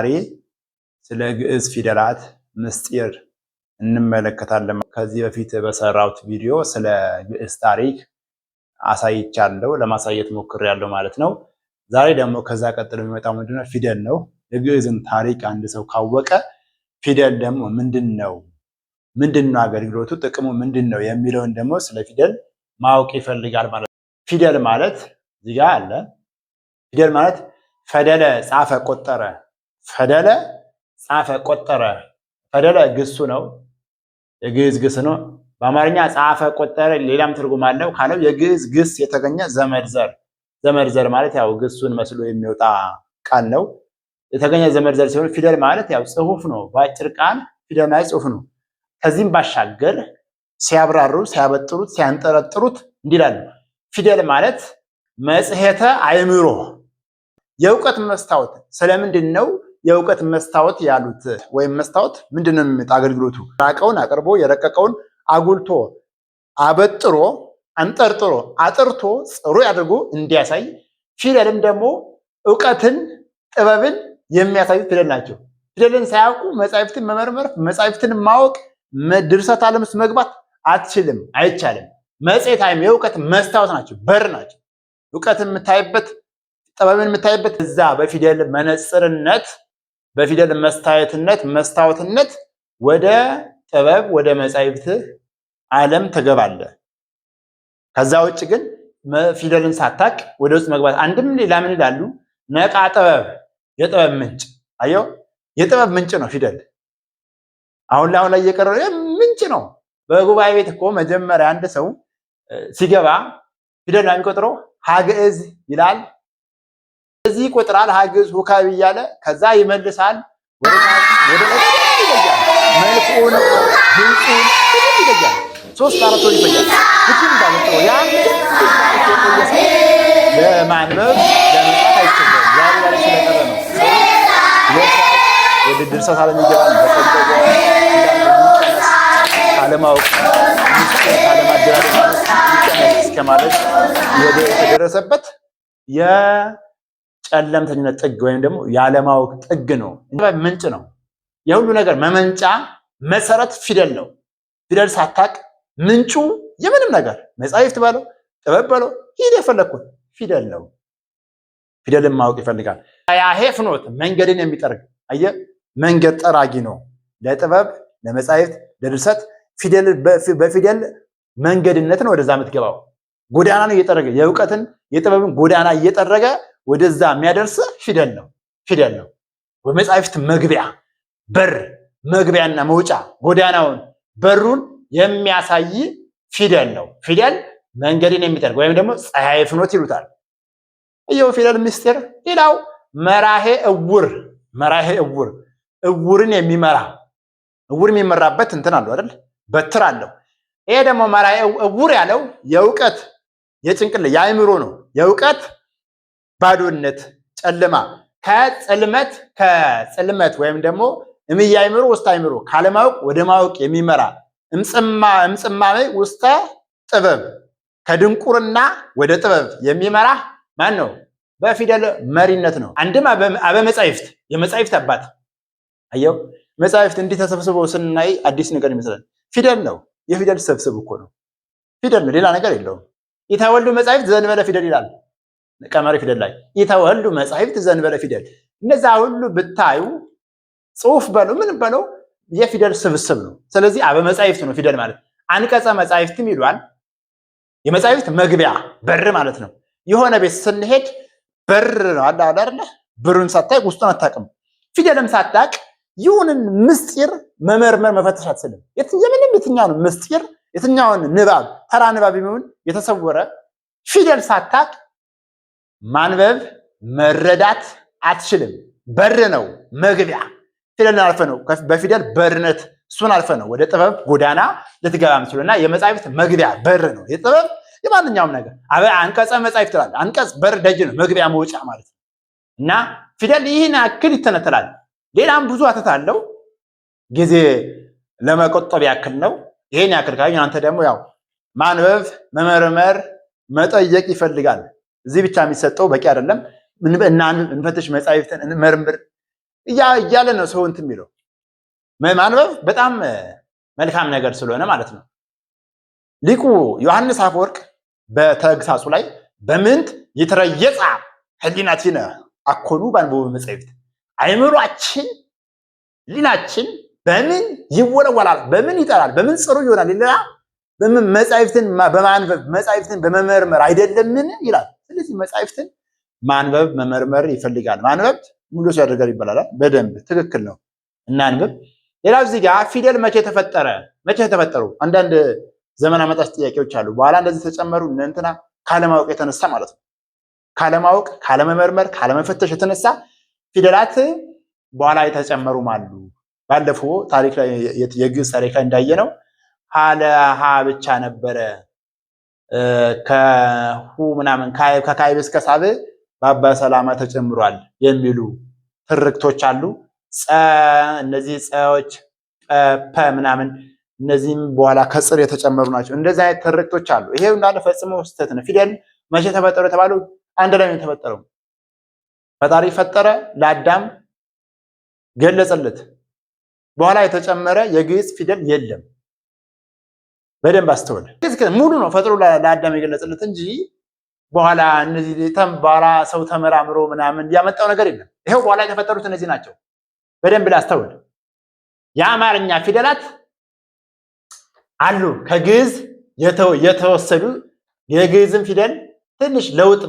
ዛሬ ስለ ግዕዝ ፊደላት ምስጢር እንመለከታለን። ከዚህ በፊት በሰራሁት ቪዲዮ ስለ ግዕዝ ታሪክ አሳይቻለሁ፣ ለማሳየት ሞክሬያለሁ ማለት ነው። ዛሬ ደግሞ ከዛ ቀጥሎ የሚመጣው ምንድነው? ፊደል ነው። የግዕዝን ታሪክ አንድ ሰው ካወቀ ፊደል ደግሞ ምንድን ነው፣ ምንድን ነው አገልግሎቱ፣ ጥቅሙ ምንድን ነው የሚለውን ደግሞ ስለ ፊደል ማወቅ ይፈልጋል ማለት ነው። ፊደል ማለት እዚጋ ጋ አለ። ፊደል ማለት ፈደለ ጻፈ፣ ቆጠረ ፈደለ ጻፈ፣ ቆጠረ። ፈደለ ግሱ ነው፣ የግዕዝ ግስ ነው። በአማርኛ ጻፈ፣ ቆጠረ ሌላም ትርጉም አለው ካለው የግዕዝ ግስ የተገኘ ዘመድ ዘር። ዘመድ ዘር ማለት ያው ግሱን መስሎ የሚወጣ ቃል ነው የተገኘ ዘመድ ዘር ሲሆን ፊደል ማለት ያው ጽሁፍ ነው። በአጭር ቃል ፊደል ማለት ጽሁፍ ነው። ከዚህም ባሻገር ሲያብራሩ ሲያበጥሩት ሲያንጠረጥሩት እንዲላሉ ፊደል ማለት መጽሔተ አይምሮ የእውቀት መስታወት ስለምንድን ነው የእውቀት መስታወት ያሉት ወይም መስታወት ምንድን ነው የሚመጣ አገልግሎቱ ራቀውን አቅርቦ የረቀቀውን አጉልቶ አበጥሮ አንጠርጥሮ አጥርቶ ጽሩ ያደርጎ እንዲያሳይ ፊደልም ደግሞ እውቀትን ጥበብን የሚያሳዩ ፊደል ናቸው። ፊደልን ሳያውቁ መጻሕፍትን መመርመር መጻሕፍትን ማወቅ ድርሰት ዓለም ውስጥ መግባት አትችልም፣ አይቻልም። መጽሔት ዓለም የእውቀት መስታወት ናቸው፣ በር ናቸው። እውቀትን የምታይበት ጥበብን የምታይበት እዛ በፊደል መነጽርነት በፊደል መስታየትነት መስታወትነት ወደ ጥበብ ወደ መጻሕፍትህ ዓለም ትገባለህ። ከዛ ውጭ ግን ፊደልን ሳታቅ ወደ ውስጥ መግባት አንድም ሌላ ምን ይላሉ? ነቃ ጥበብ የጥበብ ምንጭ አዮ የጥበብ ምንጭ ነው ፊደል። አሁን ላይ አሁን ላይ እየቀረ ምንጭ ነው። በጉባኤ ቤት እኮ መጀመሪያ አንድ ሰው ሲገባ ፊደል ነው የሚቆጥረው። ሀግዕዝ ይላል እንደዚህ ይቆጥራል። ሀግዝ ሁካቢ እያለ ከዛ ይመልሳል። ወደ ይለያል። መልኩን ድምፁን ይለያል። ሶስት አራት ወር ለማንበብ ለመጻፍ አይቸገርም። ዛሬ ስለቀረ ነው። ወደ ድርሰት ይገባል። የተደረሰበት የ ጨለምተኝነት ጥግ ወይም ደግሞ የአለማወቅ ጥግ ነው። ምንጭ ነው። የሁሉ ነገር መመንጫ መሰረት ፊደል ነው። ፊደል ሳታቅ ምንጩ የምንም ነገር መጻሕፍት በለው ጥበብ በለው ሂድ የፈለግኩት ፊደል ነው። ፊደልን ማወቅ ይፈልጋል። ያሄ ፍኖት መንገድን የሚጠርግ አየ መንገድ ጠራጊ ነው። ለጥበብ ለመጻሕፍት ለድርሰት በፊደል መንገድነትን ወደዛ የምትገባው ጎዳና ነው እየጠረገ የእውቀትን የጥበብን ጎዳና እየጠረገ ወደዛ የሚያደርስ ፊደል ነው ፊደል ነው። ወመጻሕፍት መግቢያ በር መግቢያና መውጫ ጎዳናውን በሩን የሚያሳይ ፊደል ነው። ፊደል መንገድን የሚጠርግ ወይም ደግሞ ፀሐይ ፍኖት ይሉታል። ይኸው ፊደል ምስጢር። ሌላው መራሄ እውር መራሄ እውር እውርን የሚመራ እውር የሚመራበት እንትን አለው አይደል? በትር አለው። ይሄ ደግሞ መራሄ እውር ያለው የእውቀት የጭንቅል የአእምሮ ነው የእውቀት ባዶነት፣ ጨለማ ከጽልመት ከጽልመት ወይም ደግሞ እምያይምሩ ውስተ አይምሩ ካለማወቅ ወደ ማወቅ የሚመራ እምጽማሜ ውስተ ጥበብ ከድንቁርና ወደ ጥበብ የሚመራ ማን ነው? በፊደል መሪነት ነው። አንድም አበ መጻሕፍት የመጻሕፍት አባት አየው። መጻሕፍት እንዲህ ተሰብስበው ስናይ አዲስ ነገር ይመስላል። ፊደል ነው፣ የፊደል ስብስብ እኮ ነው። ፊደል ነው፣ ሌላ ነገር የለውም። ኢታወልዱ መጻሕፍት ዘንበለ ፊደል ይላል። ቀመሪ ፊደል ላይ ኢተወሉ መጻሕፍት ዘንበለ ፊደል እነዛ ሁሉ ብታዩ ጽሑፍ በለው ምን በለው የፊደል ስብስብ ነው። ስለዚህ አበ መጻሕፍት ነው ፊደል ማለት አንቀጸ መጻሕፍትም ይሏል። የመጻሕፍት መግቢያ በር ማለት ነው። የሆነ ቤት ስንሄድ በር ነው አለ አይደለ? ብሩን ሳታቅ ውስጡን አታቅም። ፊደልም ሳታቅ ይሁንን ምስጢር መመርመር መፈተሽ አትችልም። የምንም የትኛውን ምስጢር የትኛውን ንባብ ተራ ንባብ የሚሆን የተሰወረ ፊደል ሳታቅ ማንበብ መረዳት አትችልም። በር ነው መግቢያ። ፊደልን አልፈ ነው በፊደል በርነት እሱን አልፈ ነው ወደ ጥበብ ጎዳና ልትገባ ምችሉ እና የመጽሐፍት መግቢያ በር ነው የጥበብ የማንኛውም ነገር አበ አንቀጸ መጽሐፍ ይላል። አንቀጽ በር ደጅ ነው መግቢያ መውጫ ማለት ነው። እና ፊደል ይህን ያክል ይተነተላል። ሌላም ብዙ አተት አለው። ጊዜ ለመቆጠብ ያክል ነው። ይህን ያክል ካ አንተ ደግሞ ያው ማንበብ መመርመር መጠየቅ ይፈልጋል። እዚህ ብቻ የሚሰጠው በቂ አይደለም። እንፈትሽ፣ መጻሕፍትን እንመርምር እያለ ነው ሰው እንትን የሚለው ማንበብ በጣም መልካም ነገር ስለሆነ ማለት ነው። ሊቁ ዮሐንስ አፈወርቅ በተግሳጹ ላይ በምንት ይትረየጻ ህሊናቲነ አኮኑ ባንበቡ መጻሕፍት፣ አይምሯችን ሊናችን በምን ይወለወላል፣ በምን ይጠራል፣ በምን ጽሩ ይሆናል ይለና በምን መጻሕፍትን በማንበብ መጻሕፍትን በመመርመር አይደለምን ይላል። ስለዚህ መጻሕፍትን ማንበብ መመርመር ይፈልጋል። ማንበብ ሙሉ ሰው ያደርጋል ይባላል። በደንብ ትክክል ነው። እናንብብ። ሌላው እዚህ ጋር ፊደል መቼ ተፈጠረ? መቼ ተፈጠሩ? አንዳንድ ዘመን አመጣሽ ጥያቄዎች አሉ። በኋላ እንደዚህ ተጨመሩ እንትና ካለማወቅ የተነሳ ማለት ነው። ካለማወቅ፣ ካለመመርመር፣ ካለመፈተሽ የተነሳ ፊደላት በኋላ የተጨመሩም አሉ። ባለፈው ታሪክ ላይ የግዕዝ ታሪክ ላይ እንዳየነው ሀ ብቻ ነበረ ከሁ ምናምን ከካይብ እስከ ሳብ በአባ ሰላማ ተጨምሯል የሚሉ ትርክቶች አሉ። ፀ እነዚህ ፀዎች ፐ ምናምን እነዚህም በኋላ ከጽር የተጨመሩ ናቸው። እንደዚህ አይነት ትርክቶች አሉ። ይሄ እንዳለ ፈጽሞ ስህተት ነው። ፊደል መቼ ተፈጠሩ የተባሉ አንድ ላይ ነው የተፈጠረው። ፈጣሪ ፈጠረ፣ ለአዳም ገለጸለት። በኋላ የተጨመረ የግዕዝ ፊደል የለም። በደንብ አስተውል። ሙሉ ነው ፈጥሮ ለአዳም የገለጽለት እንጂ በኋላ እነዚህ በኋላ ሰው ተመራምሮ ምናምን ያመጣው ነገር የለም። ይኸው በኋላ የተፈጠሩት እነዚህ ናቸው። በደንብ ላስተውል። የአማርኛ ፊደላት አሉ ከግዕዝ የተወሰዱ የግዕዝን ፊደል ትንሽ ለውጥ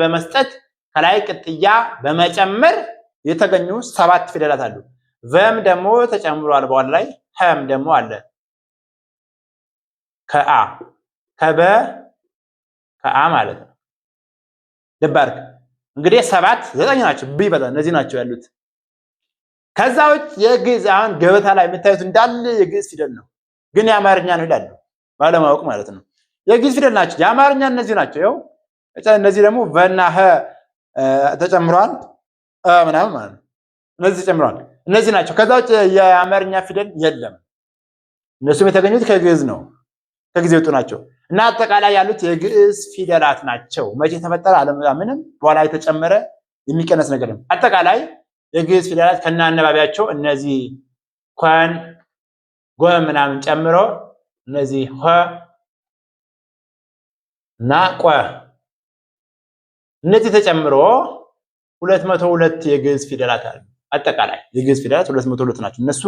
በመስጠት ከላይ ቅጥያ በመጨመር የተገኙ ሰባት ፊደላት አሉ። ቨም ደግሞ ተጨምሯል በኋላ ላይ ሀም ደግሞ አለ። ከአ ከበ ከአ ማለት ነው። ልባርክ እንግዲህ ሰባት ዘጠኝ ናቸው ቢ በጣም እነዚህ ናቸው ያሉት። ከዛ ውጭ የግዕዝ አሁን ገበታ ላይ የምታዩት እንዳለ የግዕዝ ፊደል ነው፣ ግን የአማርኛ ነው ይላሉ ባለማወቅ ማለት ነው። የግዕዝ ፊደል ናቸው የአማርኛ እነዚህ ናቸው። ይኸው እነዚህ ደግሞ ቨና ሀ ተጨምሯል ምናምን ማለት ነው። እነዚህ ተጨምሯል፣ እነዚህ ናቸው። ከዛ ውጭ የአማርኛ ፊደል የለም። እነሱም የተገኙት ከግዕዝ ነው። ከጊዜ ወጡ ናቸው እና አጠቃላይ ያሉት የግዕዝ ፊደላት ናቸው። መቼ የተፈጠረ ምንም በኋላ የተጨመረ የሚቀነስ ነገር ነው። አጠቃላይ የግዕዝ ፊደላት ከነ አነባቢያቸው እነዚህ ኮን ጎ ምናምን ጨምሮ እነዚህ ሆ እና ቆ እነዚህ ተጨምሮ ሁለት መቶ ሁለት የግዕዝ ፊደላት አሉ። አጠቃላይ የግዕዝ ፊደላት ሁለት መቶ ሁለት ናቸው። እነሱ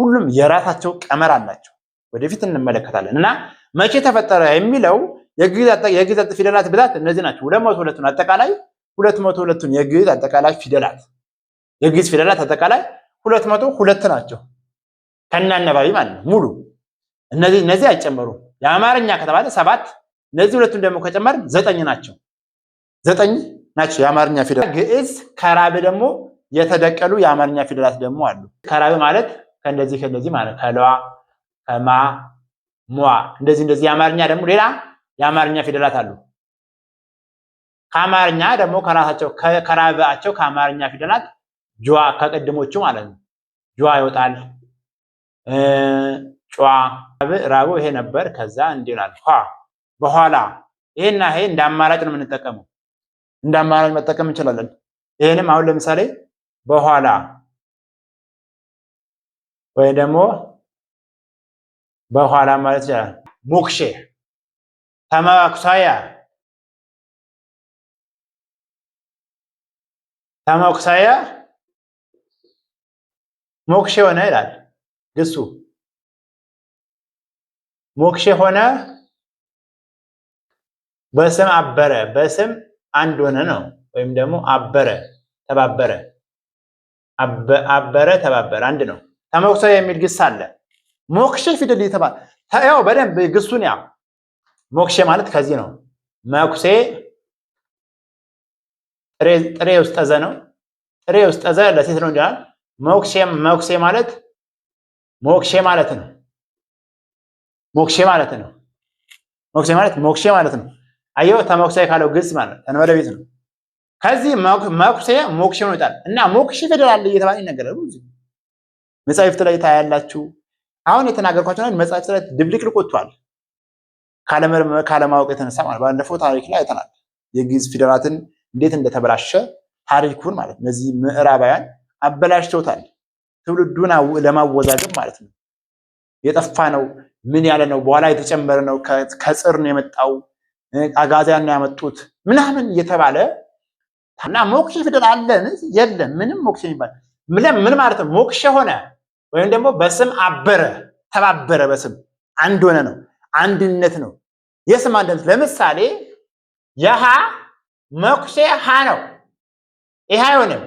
ሁሉም የራሳቸው ቀመር አላቸው። ወደፊት እንመለከታለን እና መቼ ተፈጠረ የሚለው የግዕዝ ፊደላት ብዛት እነዚህ ናቸው። ሁለት መቶ ሁለቱን አጠቃላይ ሁለት መቶ ሁለቱን የግዕዝ አጠቃላይ ፊደላት የግዕዝ ፊደላት አጠቃላይ ሁለት መቶ ሁለት ናቸው። ከናነባቢ ማለት ነው ሙሉ እነዚህ እነዚህ አይጨመሩም። የአማርኛ ከተባለ ሰባት እነዚህ ሁለቱን ደግሞ ከጨመር ዘጠኝ ናቸው። ዘጠኝ ናቸው የአማርኛ ፊደላት። ግዕዝ ከራብ ደግሞ የተደቀሉ የአማርኛ ፊደላት ደግሞ አሉ። ከራብ ማለት ከእንደዚህ ከእንደዚህ ማለት ከለዋ ማ ሟ እንደዚህ እንደዚህ። የአማርኛ ደግሞ ሌላ የአማርኛ ፊደላት አሉ። ከአማርኛ ደግሞ ከራሳቸው ከራባቸው ከአማርኛ ፊደላት ጇ ከቅድሞቹ ማለት ነው። ጇ ይወጣል። ጯ ራቦ ይሄ ነበር። ከዛ እንዲላል ኋ በኋላ ይሄና ይሄ እንደ አማራጭ ነው የምንጠቀመው። እንደ አማራጭ መጠቀም እንችላለን። ይሄንም አሁን ለምሳሌ በኋላ ወይ ደግሞ በኋላ ማለት ይችላል። ሞክሼ ተመኩሳያ ተመኩሳያ ሞክሼ ሆነ ይላል ግሱ ሞክሼ ሆነ በስም አበረ በስም አንድ ሆነ ነው። ወይም ደግሞ አበረ ተባበረ አበረ ተባበረ አንድ ነው። ተመኩሳያ የሚል ግስ አለ። ሞክሸ ፊደል እየተባለ ያው በደንብ ግሱን ያ ሞክሸ ማለት ከዚህ ነው። መኩሴ ጥሬ ውስጥ ጠዘ ነው። ጥሬ ውስጥ ጠዘ ለሴት ነው እንዲል ሞክሼ መኩሴ ማለት ሞክሼ ማለት ነው። ሞክሼ ማለት ነው። ሞክሼ ማለት ሞክሼ ማለት ነው። አየው ተሞክሴ ካለው ግስ ማለት ተንበለቤት ነው። ከዚህ መኩሴ ሞክሼ ነው ይጣል እና ሞክሼ ፊደል አለ እየተባለ ይነገራል። መጻሕፍት ላይ ታያላችሁ። አሁን የተናገርኳቸው ነገር መጽሐፍ ላይ ድብልቅልቅ ልቆቷል ካለማወቅ የተነሳ ማለት ባለፈው ታሪክ ላይ አይተናል። የግዕዝ ፊደላትን እንዴት እንደተበላሸ ታሪኩን ማለት እነዚህ ምዕራባውያን አበላሽተውታል። ትውልዱን ለማወዛገብ ማለት ነው። የጠፋ ነው ምን ያለ ነው በኋላ የተጨመረ ነው ከጽር ነው የመጣው አጋዚያን ነው ያመጡት ምናምን እየተባለ እና ሞክሼ ፊደል አለን የለም ምንም ሞክሼ የሚባል ምን ማለት ነው ሞክሼ ሆነ ወይም ደግሞ በስም አበረ ተባበረ፣ በስም አንድ ሆነ ነው። አንድነት ነው የስም አንድነት። ለምሳሌ የሃ መኩሴ ሃ ነው። ይሄ አይሆንም፣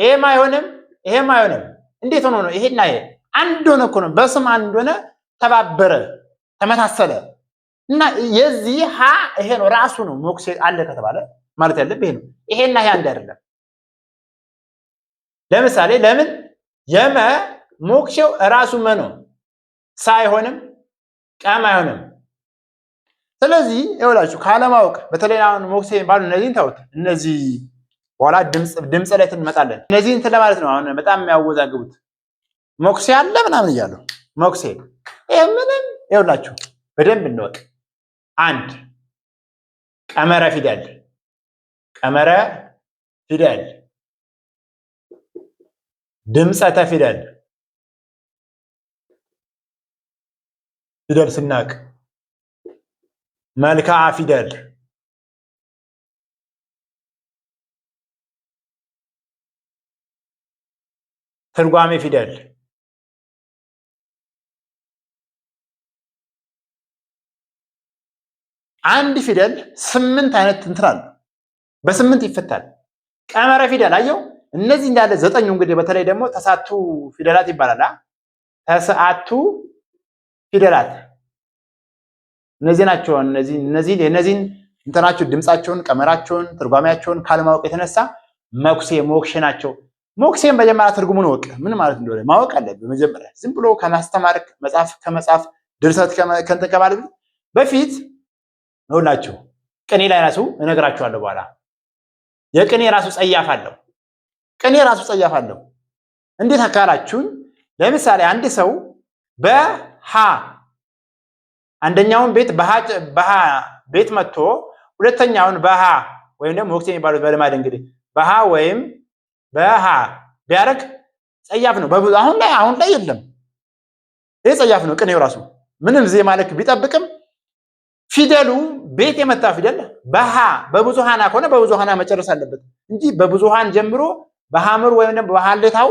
ይሄም አይሆንም፣ ይሄም አይሆንም። እንዴት ሆኖ ነው? ይሄና ይሄ አንድ ሆነ እኮ ነው። በስም አንድ ሆነ፣ ተባበረ፣ ተመሳሰለ እና የዚህ ሃ ይሄ ነው ራሱ ነው። መኩሴ አለ ከተባለ ማለት ያለብህ ይሄ ነው። ይሄና ይሄ አንድ አይደለም። ለምሳሌ ለምን የመ ሞክሼው እራሱ መኖ ሳ አይሆንም ቀም አይሆንም። ስለዚህ ይኸውላችሁ ካለማወቅ በተለይ አሁን ሞክሴ የሚባሉ እነዚህን ተውት። እነዚህ በኋላ ድምፅ ላይ ትንመጣለን። እነዚህን እንትን ለማለት ነው። አሁን በጣም የሚያወዛግቡት ሞክሴ አለ ምናምን እያሉ ሞክሴ ይሄ ምንም ይኸውላችሁ በደንብ እንወቅ። አንድ ቀመረ ፊደል ቀመረ ፊደል ድምፀተ ፊደል ፊደል ስናቅ መልክዓ ፊደል ትርጓሜ ፊደል አንድ ፊደል ስምንት አይነት እንትን አለ። በስምንት ይፈታል። ቀመረ ፊደል አየው። እነዚህ እንዳለ ዘጠኙ እንግዲህ በተለይ ደግሞ ተሳቱ ፊደላት ይባላል። ተሰአቱ ፊደላት እነዚህ ናቸው። እነዚህ እነዚህ የእነዚህን እንትናቸው ድምጻቸውን፣ ቀመራቸውን፣ ትርጓሜያቸውን ካለማወቅ የተነሳ መኩሴ ሞክሼ ናቸው። ሞክሴን መጀመሪያ ትርጉሙን ወቅ ምን ማለት እንደሆነ ማወቅ አለብህ። መጀመሪያ ዝም ብሎ ከማስተማር መጽሐፍ ከመጽሐፍ ድርሰት ከእንትን ከማለት በፊት ነውላችሁ ቅኔ ላይ ራሱ እነግራችኋለሁ። በኋላ የቅኔ ራሱ ጸያፍ አለው። ቅኔ ራሱ ጸያፍ አለው። እንዴት አካላችሁን ለምሳሌ አንድ ሰው በ ሀ አንደኛውን ቤት በሀ ቤት መጥቶ ሁለተኛውን በሀ ወይም ደግሞ ወቅት የሚባሉት በልማድ እንግዲህ በሀ ወይም በሀ ቢያደርግ ጸያፍ ነው። በብዙ አሁን ላይ አሁን ላይ የለም። ይህ ጸያፍ ነው። ቅኔው ራሱ ምንም ዜ ማለክ ቢጠብቅም ፊደሉ ቤት የመታ ፊደል በሀ በብዙሃና ከሆነ በብዙሃና መጨረስ አለበት እንጂ በብዙሃን ጀምሮ በሀምር ወይም ደግሞ በሀሌታው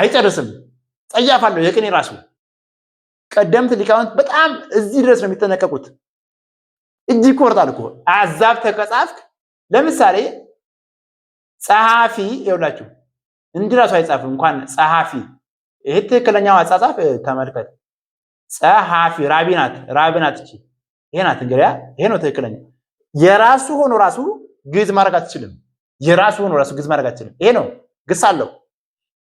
አይጨርስም። ጸያፍ አለው የቅኔ ራሱ ቀደምት ሊቃውንት በጣም እዚህ ድረስ ነው የሚጠነቀቁት። እጅ ይቆርጣል እኮ አዛብ ተቀጻፍክ። ለምሳሌ ጸሐፊ ይውላችሁ እንዲህ ራሱ አይጻፍም እንኳን ጸሐፊ። ይሄ ትክክለኛው አጻጻፍ ተመልከት። ጸሐፊ ራቢናት ራቢናት እቺ ይሄ ናት እንግዲያ፣ ይሄ ነው ትክክለኛ። የራሱ ሆኖ ራሱ ግዕዝ ማድረግ አትችልም። የራሱ ሆኖ ራሱ ግዕዝ ማድረግ አትችልም። ይሄ ነው ግስ አለው።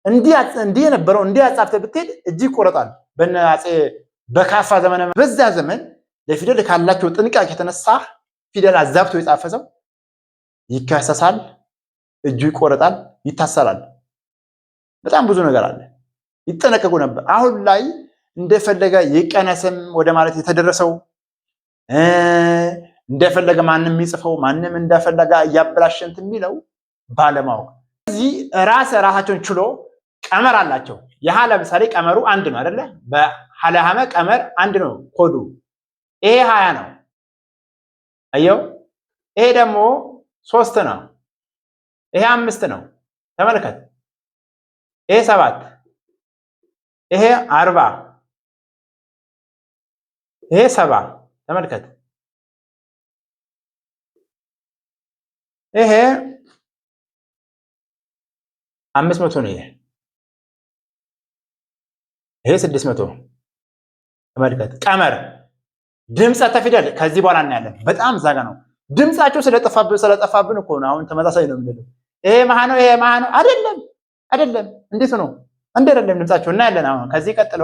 እንዲህ እንዲህ የነበረው እንዲህ አጻፍተህ ብትሄድ እጅግ ይቆረጣል። በነ አጼ በካፋ ዘመነ በዛ ዘመን ለፊደል ካላቸው ጥንቃቄ የተነሳ ፊደል አዛብቶ የጻፈ ሰው ይከሰሳል፣ እጁ ይቆረጣል፣ ይታሰራል። በጣም ብዙ ነገር አለ። ይጠነቀቁ ነበር። አሁን ላይ እንደፈለገ ይቀነስም ወደ ማለት የተደረሰው እንደፈለገ ማንም የሚጽፈው ማንም እንደፈለገ እያበላሸንት የሚለው ባለማወቅ እዚህ ራስ ራሳቸውን ችሎ ቀመር አላቸው። የሀ ለምሳሌ ቀመሩ አንድ ነው አይደለ? በሀለሀመ ቀመር አንድ ነው ኮዱ። ይሄ ሀያ ነው። አየው። ይሄ ደግሞ ሶስት ነው። ይሄ አምስት ነው። ተመልከት። ይሄ ሰባት፣ ይሄ አርባ፣ ይሄ ሰባ። ተመልከት። ይሄ አምስት መቶ ነው። ይሄ ይሄ ስድስት መቶ ተመልከት። ቀመር ድምፀተ ፊደል ከዚህ በኋላ እናያለን። በጣም ዛጋ ነው ድምፃቸው ስለጠፋብን ስለጠፋብን እኮ ነው። አሁን ተመሳሳይ ነው የምንለው። ይሄ መሀ ነው ይሄ መሀ ነው አይደለም አይደለም። እንዴት ነው እንደ አይደለም ድምፃቸው እናያለን። አሁን ከዚህ ቀጥሎ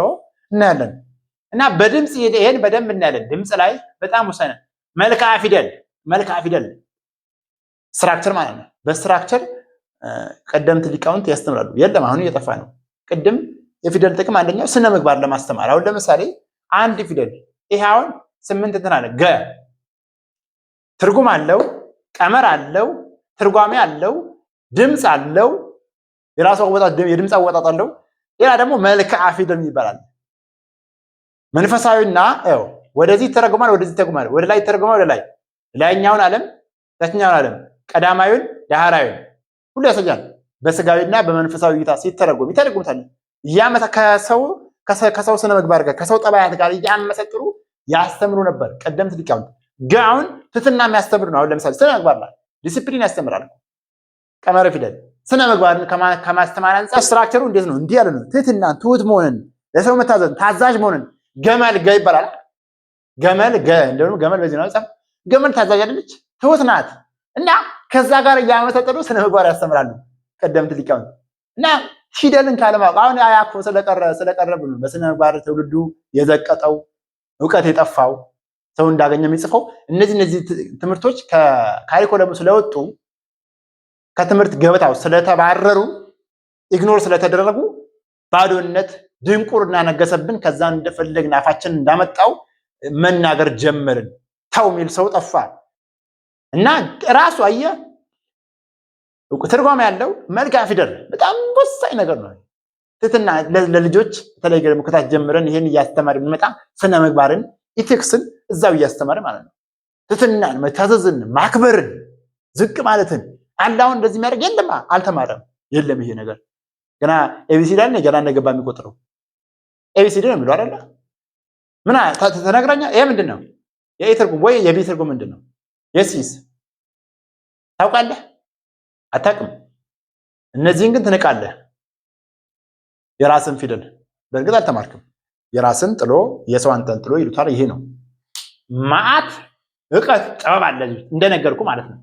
እናያለን እና በድምፅ ይሄን በደንብ እናያለን። ድምፅ ላይ በጣም ወሰነ። መልክዓ ፊደል መልክዓ ፊደል ስትራክቸር ማለት ነው። በስትራክቸር ቀደምት ሊቃውንት ያስተምራሉ። የለም አሁን እየጠፋ ነው። ቅድም የፊደል ጥቅም አንደኛው ስነ ምግባር ለማስተማር አሁን ለምሳሌ አንድ ፊደል ይሄ አሁን ስምንት እንትን አለ ገ ትርጉም አለው፣ ቀመር አለው፣ ትርጓሜ አለው፣ ድምፅ አለው፣ የራሱ አወጣት የድምፅ አወጣጥ አለው። ሌላ ደግሞ መልክዓ ፊደል ይባላል። መንፈሳዊና ው ወደዚህ ተረጉማል፣ ወደዚህ ተረጉማል፣ ወደ ላይ ተረጉማል፣ ወደ ላይ ላይኛውን አለም ታችኛውን አለም ቀዳማዊን ዳህራዊን ሁሉ ያሳያል። በስጋዊና በመንፈሳዊ እይታ ሲተረጉም ይተረጉምታል። እያመሰ ከሰው ከሰው ስነ ምግባር ጋር ከሰው ጠባያት ጋር እያመሰጥሩ ያስተምሩ ነበር ቀደምት ሊቃውንት። ጋውን ትትና የሚያስተምር ነው። አሁን ለምሳሌ ስነ ምግባር ላይ ዲሲፕሊን ያስተምራል። ቀመረ ፊደል ስነ ምግባርን ከማስተማር አንጻር ስትራክቸሩ እንዴት ነው? እንዲህ ያለ ነው። ትህትና ትሁት መሆንን ለሰው መታዘዝ፣ ታዛዥ መሆንን ገመል ገ ይባላል። ገመል ገ እንደውም ገመል በዚህ ነው ጻፍ ገመል ታዛዥ አይደለች ትሁት ናት። እና ከዛ ጋር እያመሰጠሩ ስነ ምግባር ያስተምራሉ ቀደምት ሊቃውንት እና ፊደልን ካለማወቅ አሁን ያኮ ስለቀረ ስለቀረ ብሎ በስነ ምግባር ትውልዱ የዘቀጠው እውቀት የጠፋው ሰው እንዳገኘ የሚጽፈው። እነዚህ እነዚህ ትምህርቶች ከካሪኮለሙ ስለወጡ ከትምህርት ገበታው ስለተባረሩ ኢግኖር ስለተደረጉ ባዶነት፣ ድንቁር እናነገሰብን። ከዛ እንደፈለግ ናፋችን እንዳመጣው መናገር ጀመርን። ተው የሚል ሰው ጠፋ እና ራሱ አየህ ትርጓሜ ያለው መልካ ፊደል በጣም ወሳኝ ነገር ነው። ትህትና ለልጆች በተለይ ደግሞ ከታች ጀምረን ይህን እያስተማር የሚመጣ ስነ ምግባርን ኢቴክስን እዛው እያስተማር ማለት ነው። ትህትናን፣ መታዘዝን፣ ማክበርን፣ ዝቅ ማለትን አላሁን እንደዚህ የሚያደርግ የለም አልተማረም። የለም ይሄ ነገር ገና ኤቢሲዲ አለ ገና እንደገባ የሚቆጥረው ኤቢሲዲ ነው የሚለው አይደለ? ምን ተነግራኛ። ይሄ ምንድን ነው? የኤ ትርጉም ወይ የቢ ትርጉም ምንድን ነው? የሲስ ታውቃለህ አታቅም። እነዚህን ግን ትንቃለህ። የራስን ፊደል በእርግጥ አልተማርክም። የራስን ጥሎ የሰው አንተን ጥሎ ይሉታል። ይሄ ነው ማአት እውቀት ጥበብ አለ እንደነገርኩ ማለት ነው።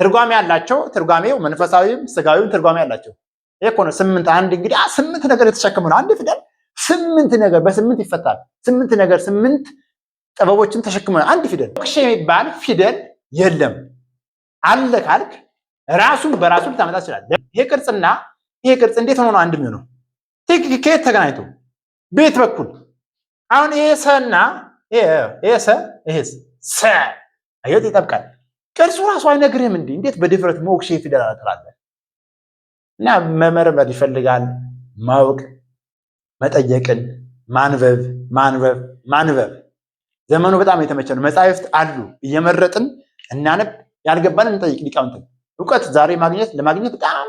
ትርጓሜ ያላቸው ትርጓሜው መንፈሳዊም ስጋዊም ትርጓሜ ያላቸው ይሄ እኮ ነው። ስምንት አንድ እንግዲህ ስምንት ነገር የተሸከመ ነው አንድ ፊደል ስምንት ነገር በስምንት ይፈታል። ስምንት ነገር ስምንት ጥበቦችን ተሸክመ አንድ ፊደል። ሞክሼ የሚባል ፊደል የለም አለ ካልክ ራሱን በራሱ ልታመጣ ይችላል። ይሄ ቅርጽና ይሄ ቅርጽ እንዴት ሆኖ ነው አንድ የሚሆነው? ትክክ ከየት ተገናኝቶ ቤት በኩል አሁን ይሄ ሰና ይሄ ሰ ይሄ ሰ አየት ይጠብቃል። ቅርጹ ራሱ አይነግርህም። እንዴ? እንዴት በድፍረት ሞክሼ ፊደል አላጠራለን እና መመርመር ይፈልጋል። ማወቅ መጠየቅን ማንበብ ማንበብ ማንበብ ዘመኑ በጣም የተመቸ ነው። መጻሕፍት አሉ እየመረጥን እናነብ፣ ያልገባን እንጠይቅ ሊቃውንትን እውቀት ዛሬ ማግኘት ለማግኘት በጣም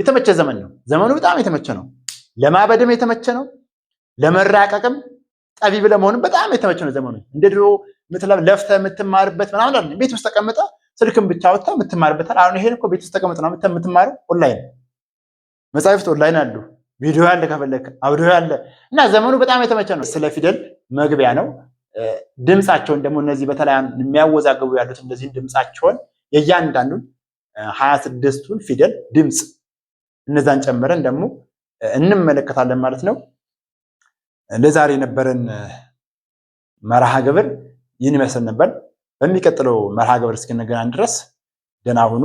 የተመቸ ዘመን ነው። ዘመኑ በጣም የተመቸ ነው። ለማበድም የተመቸ ነው። ለመራቀቅም ጠቢብ ለመሆንም በጣም የተመቸ ነው ዘመኑ። እንደ ድሮ ለፍተ የምትማርበት ምናምን አለ። ቤት ውስጥ ተቀምጠ ስልክን ብቻ ወጥተህ የምትማርበታል። አሁን ይሄን እኮ ቤት ውስጥ ተቀምጠ ነው የምትማረው። ኦንላይን መጽሐፍት ኦንላይን አሉ። ቪዲዮ ያለ ከፈለክ አውዲዮ ያለ እና ዘመኑ በጣም የተመቸ ነው። ስለ ፊደል መግቢያ ነው። ድምፃቸውን ደግሞ እነዚህ በተለይ የሚያወዛግቡ ያሉት እንደዚህ ድምፃቸውን የእያንዳንዱን ሀያ ስድስቱን ፊደል ድምፅ እነዛን ጨምረን ደግሞ እንመለከታለን ማለት ነው። ለዛሬ የነበረን መርሃ ግብር ይህን ይመስል ነበር። በሚቀጥለው መርሃ ግብር እስክንገናኝ ድረስ ደህና ሁኑ።